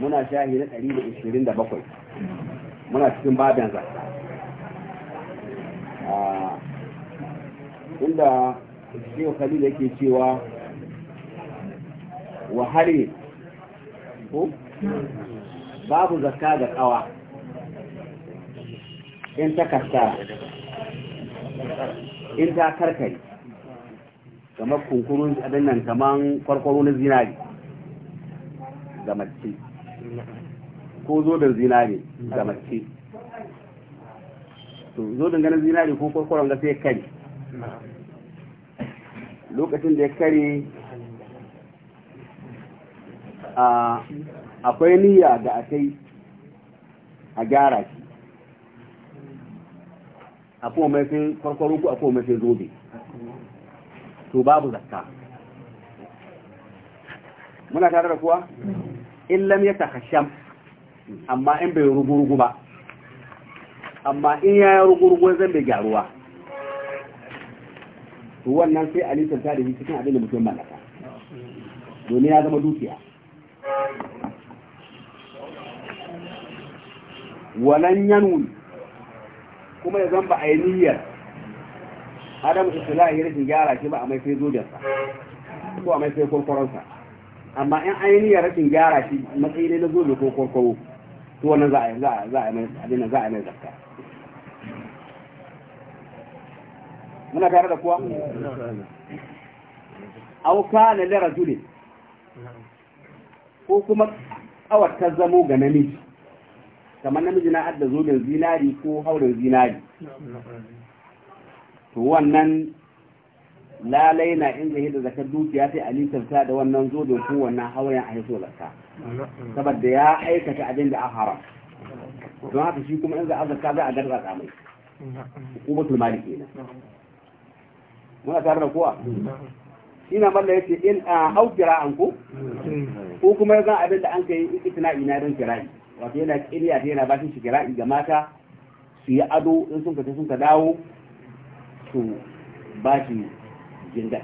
muna shahi na 127 muna cikin babin zaka inda shehu khalil yake cewa wahari ko babu zakka ga kawa in ta kasta in ta karkari kamar kunkurun abin nan kamar kwarkwaro na zinari ga mace ko da zinari ga mace to da ganin zinari ko kwarkwaron ga sai kare lokacin da ya kare akwai niyya da a a gyara shi a kuma mai sai kwarkwaro ko a kuma mai sai zobe to babu zakka muna tare da kuwa in lam yatakhasham amma in bai rugurugu ba amma in ya rugurugu zan bai garuwa to wannan sai alisan ta da shi cikin abin da mutum mallaka domin ya zama dukiya walan yanwi kuma ya zamba ainihiyar. adam yi rashin gyara shi ba a mai sai sa, ko a mai sai sa, amma in ainihin rashin gyara shi matsayi ne na zobe ko kwarkwaro to wannan za a za a mai abin za a mai zakka muna tare da kuwa ka na lera jule ko kuma kawar ta zamo ga namiji kamar namiji na adda zoben zinari ko haurin zinari to wannan lalai na in zai da zakar dukiya sai alisarta da wannan zo da ko wannan hawayen a haiso zakka saboda ya aikata abin da a haram don haka shi kuma in za a zakka za a garza mai hukumatul mali kenan muna tare da kowa ina malla ce in a hau kira'an ko ko kuma zan abin da an kai itina'i na don kira'i wato yana kiriya ta yana bashin shi kira'i ga mata su yi ado in sun ka sun ka dawo to ba shi jinda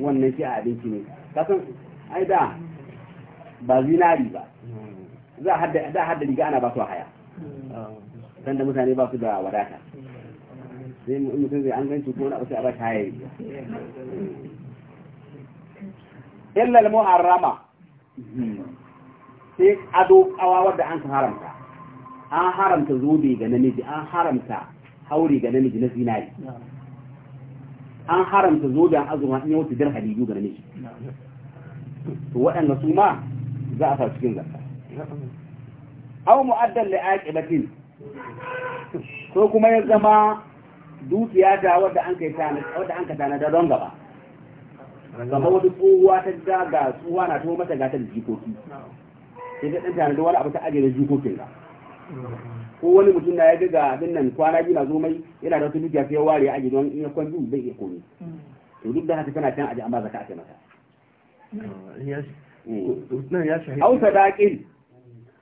wannan shi a abinci ne kasan ai da ba zinari ba za a hada riga ana ba su haya don da mutane ba su da wadata sai mutum zai an ganci ko na ba su ba shi haya riga illa muharrama sai ado kawa wadda an haramta an haramta zobe ga namiji an haramta haure ga namiji na zinari an haramta zoben azuma in yau wuce dirhami biyu ga namiji to waɗanda su ma za a sa cikin zakka aw mu'addan li aqibatin ko kuma ya zama dukiya da wadda an kai tana wanda an ka tana da don gaba Kamar wata tsohuwa ta ga ga tsohuwa na ta mata gata jikoki sai ta dan tana da wani abu ta ajiye da jikokin ga ko wani mutum na ya ga abin nan kwana biyu na zo mai yana da wata dukiya sai ya ware aji don in ya kwan bai iya komi to duk da haka tana can aji amma zaka ake mata ah, mm. au sadaqin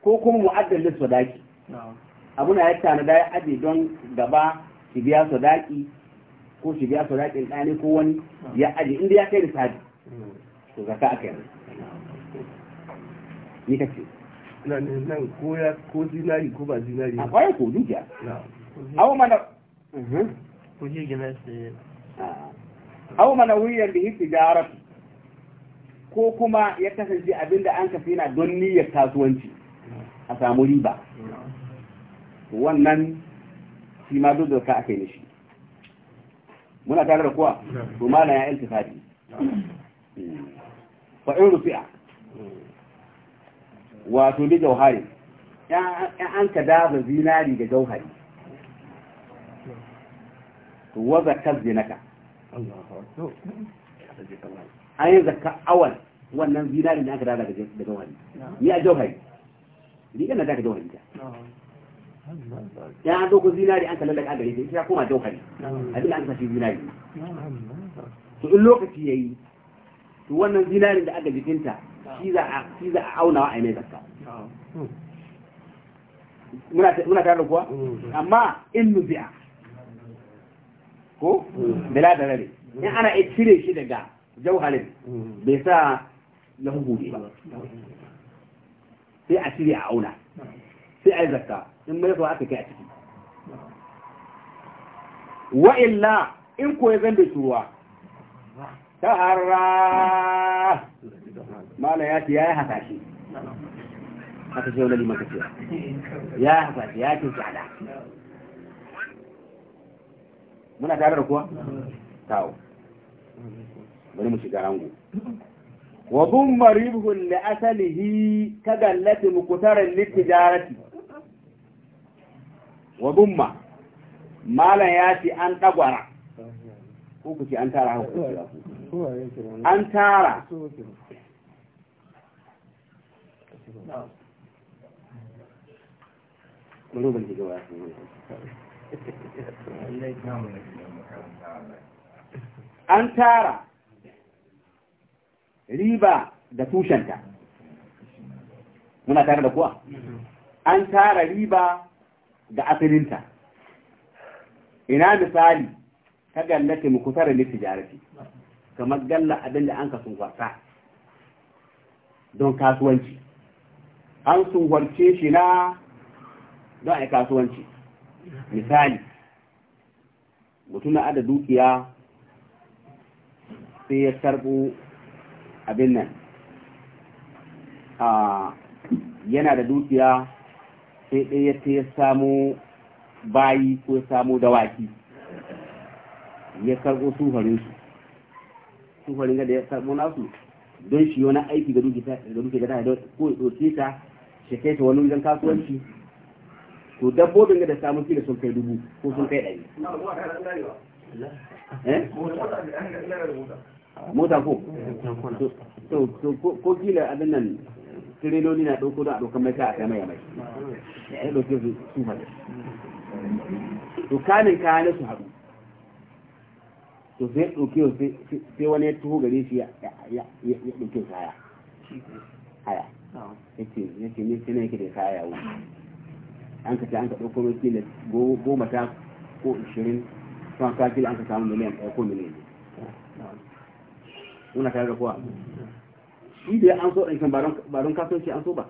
ko kuma mu'addal lis sadaqi na ya tana da aji don gaba shi biya sadaqi ko shi biya sadaqin ɗani ko wani ya aji inda ya kai da sadi mm. to zaka aka yi ni kace nan ko ya ko zinari ko ba zinari a ko dukiya awo mana mhm. ko ji gina mana wuyar da hiti jarar ko kuma ya kasance abinda an ka fina don niyyar kasuwanci a samu riba wannan shi ma duk da ka aka yi shi muna tare da kuwa to malam ya iltifati fa in rufi'a wato da jauhari an ka daza zinari da jauhari to waza kazzi naka an yi zaka awal wannan zinari da aka daza da jauhari ni a jauhari ni yana daga jauhari ta ya an doko zinari an ka lalaka gare ta ya koma jauhari a da an kashi zinari to in lokaci ya yi wannan zinari da aka jikinta shi za a shi za a aunawa a yi mai zakka muna muna tare da kuwa amma in nubi'a ko bila da rare in ana iya cire shi daga jauhalin bai sa na hukuki ba sai a cire a auna sai a yi zakka in mai zuwa aka kai a ciki wa'illa in ko ya zan da shuruwa taharra mala ya ce ya yi hasashe aka ce wani maka cewa ya yi hasashe ya ce tsada muna tare da kuwa tawo bari mu shiga rango wa dumma ribhun li asalihi ka gallati muqtaran litijarati wa dumma malan ya ce an dagwara ko ku ce an tara hankali an tara an tara riba da tushenta muna tare da kuwa an tara riba da asirinta ina misali ta gallace mu kusa da littijarafi kamar galla abin da an ka sunwarta don kasuwanci an sunwarce shi na don a kasuwanci misali mutum na ada dukiya sai ya karbo abin nan yana da dukiya sai ɗaya ta ya samu bayi ko ya samu dawaki ya karɓo su su farin ga da ya samu nasu don shi wani aiki ga duki ta da duki ta da ko ya ta shi kai ta wani wajen kasuwanci to dabbobin ga da samu fi da sun kai dubu ko sun kai ɗari mota ko ko kila abin nan tireloli na ɗauko don a mai mai a kai mai mai ya ɗauke su su hadu to kanin kaya na su haɗu to sai ɗauke sai wani ya tuho gare shi ya ɗauke kaya haya ya ce ne sai na yake da kaya wu an ka ce an ka ɗauko mai kila goma ta ko ishirin sun ka kila an ka samu miliyan ɗaya ko miliyan muna tare da kowa shi da an so ɗin kan baron kasuwanci an so ba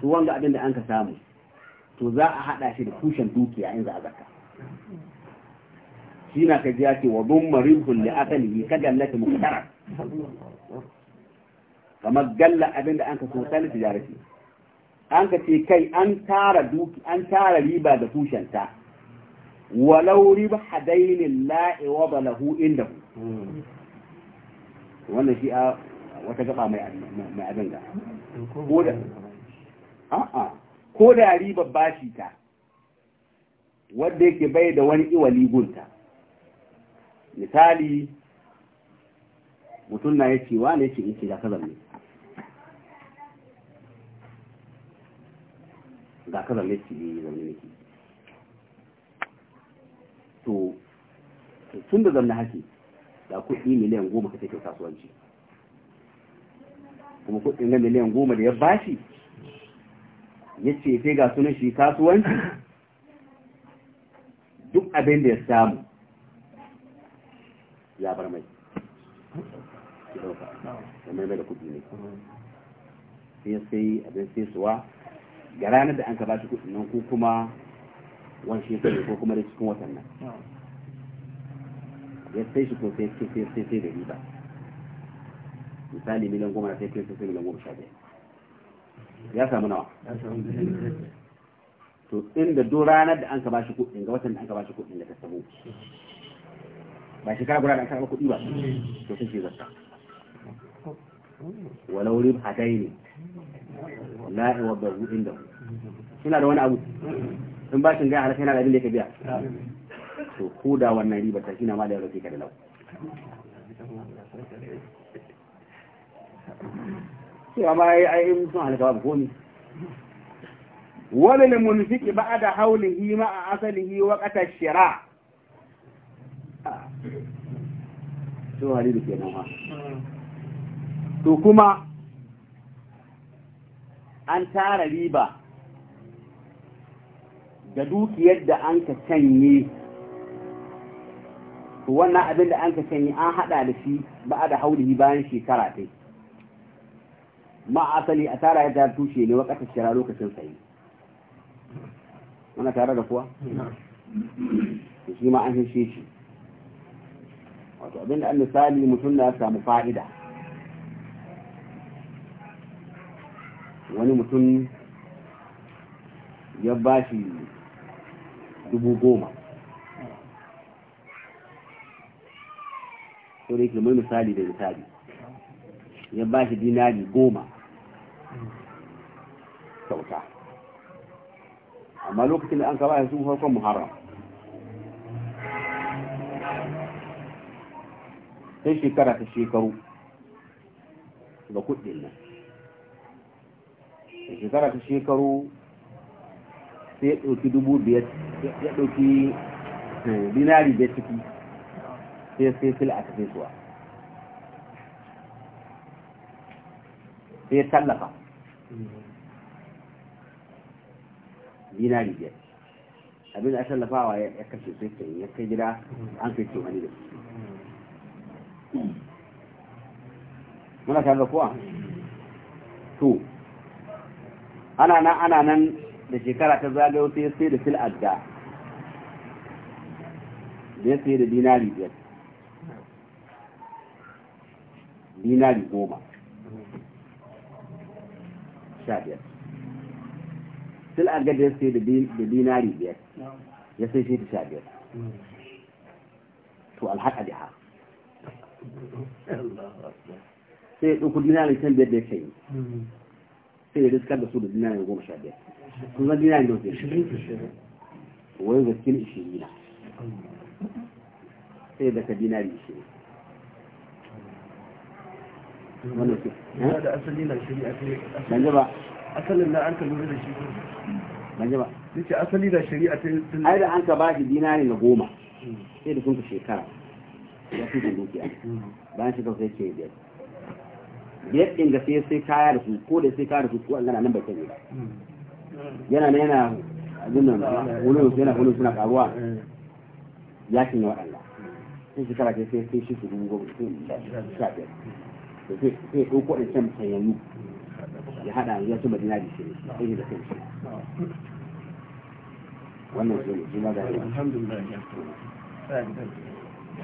to wanga abin da an ka samu to za a haɗa shi da tushen dukiya in za a zaka shi ka ji ake wa bin marihun da asali ka ta muktara kamar galla abin da an ka so sani tijarati an ka ce kai an tara duki an tara riba da tushenta walau riba hadainin la'i wa balahu inda wannan shi a wata gaba mai abin da ko da a'a ko da riba bashi ta wadda yake bai da wani iwali gunta misali mutum na ya ce wa ne ce in ce ga kazan ne ga kazan ne ce yi zaune ne to tun da zanna hake da kuɗi miliyan goma ka take kasuwanci kuma kuɗin na miliyan goma da ya bashi ya ce sai ga sunan shi kasuwanci duk abin da ya samu ya bar mai da mai mai da kudi ne sai sai abin sai suwa ga ranar da an ka bashi kudi nan ko kuma wani shekaru ko kuma da cikin watan nan ya sai shi ko sai sai sai sai sai da riba misali miliyan goma sai sai sai miliyan goma sha biyar ya samu nawa to inda duk ranar da an ka bashi kudi ga watan da an ka bashi kudi da ta samu ba shekara guda da an karɓa kuɗi ba to sai zakka walau rib hadaini la wa barru inda suna da wani abu in ba shin ga halaka yana da abin da yake biya to ko da wannan riba ta shi na ma da yaro ka da lau cewa ma ai ai sun halaka babu komi wala lil munfiqi ba'da hawlihi ma'a asalihi waqta shira' to da ke hmm. to kuma an tara riba ga dukiyar da an ka canye wannan abin da an ka canye an haɗa da shi ba a da yi bayan shekara ta ma asali a tara ya ta tushe ne wakatar shira lokacin sayi Wana tare da kuwa? Hmm. shi ma an hishe shi wato abinda an misali mutum na samu fa'ida wani mutum ya ba shi dubu goma so da yake mai misali da misali ya ba shi dinari goma kyauta amma lokacin da an kaba su farkon muharram sai shekara ta shekaru ga kudin nan shekara ta shekaru sai ya ɗauki dubu biyar ya ɗauki eh, dinari biyar ciki sai sai fil a cikin suwa sai ya tallafa dinari biyar abin da a tallafawa ya kashe sai ya kai gida an kai ce wani da su muna tare da kuwa to ana nan ana nan da shekara ta zagayo sai sai da fil adda da ya sai da dinari biyar dinari goma sha biyar fil adda da ya sai da dinari biyar ya sai shi ta sha biyar to alhaɗa da haka sai ya ɗauko dinari can biyar da ya kai hmm. sai ya riskar da su da dinari goma sha biyar kun zan dinari da wai gaskin ishirin na hmm. sai da ka dinari ishirin hmm. wannan su da asali na shari'a ta ba asalin na an ka lura da shi asali da shari'a ta ai da an ka ba shi dinari na goma sai da kun ka shekara ya fi dukiya bayan shekaru sai ce biyar biyar ɗin ga sai sai kaya da su ko da sai kaya da su ko Allah nan bai kai ba mm. yana na yana abin nan wani yana wani suna karuwa mm. ya shi ne waɗanda sai shekara ce sai sai shi su dubu goma sai sha biyar mm. sai ɗauko da can sayayyu ya haɗa ya su madina da shi sai da kai shi wannan shi ne shi ma alhamdulillah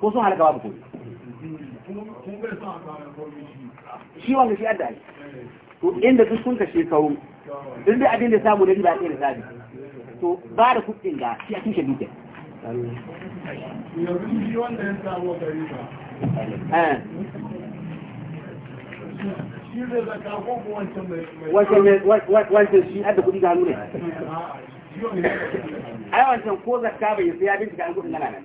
ko sun halaka babu komi shi wanda shi adda ne to inda duk sun kashe shekaru In da abin da samu da riba ɗaya da sabi to ba da kuɗin ga shi a tushe dukiyar shi eh. wancan shi adda kuɗi ga hannu ne a wancan ko zakka bai sai ya bincika an kuɗin nan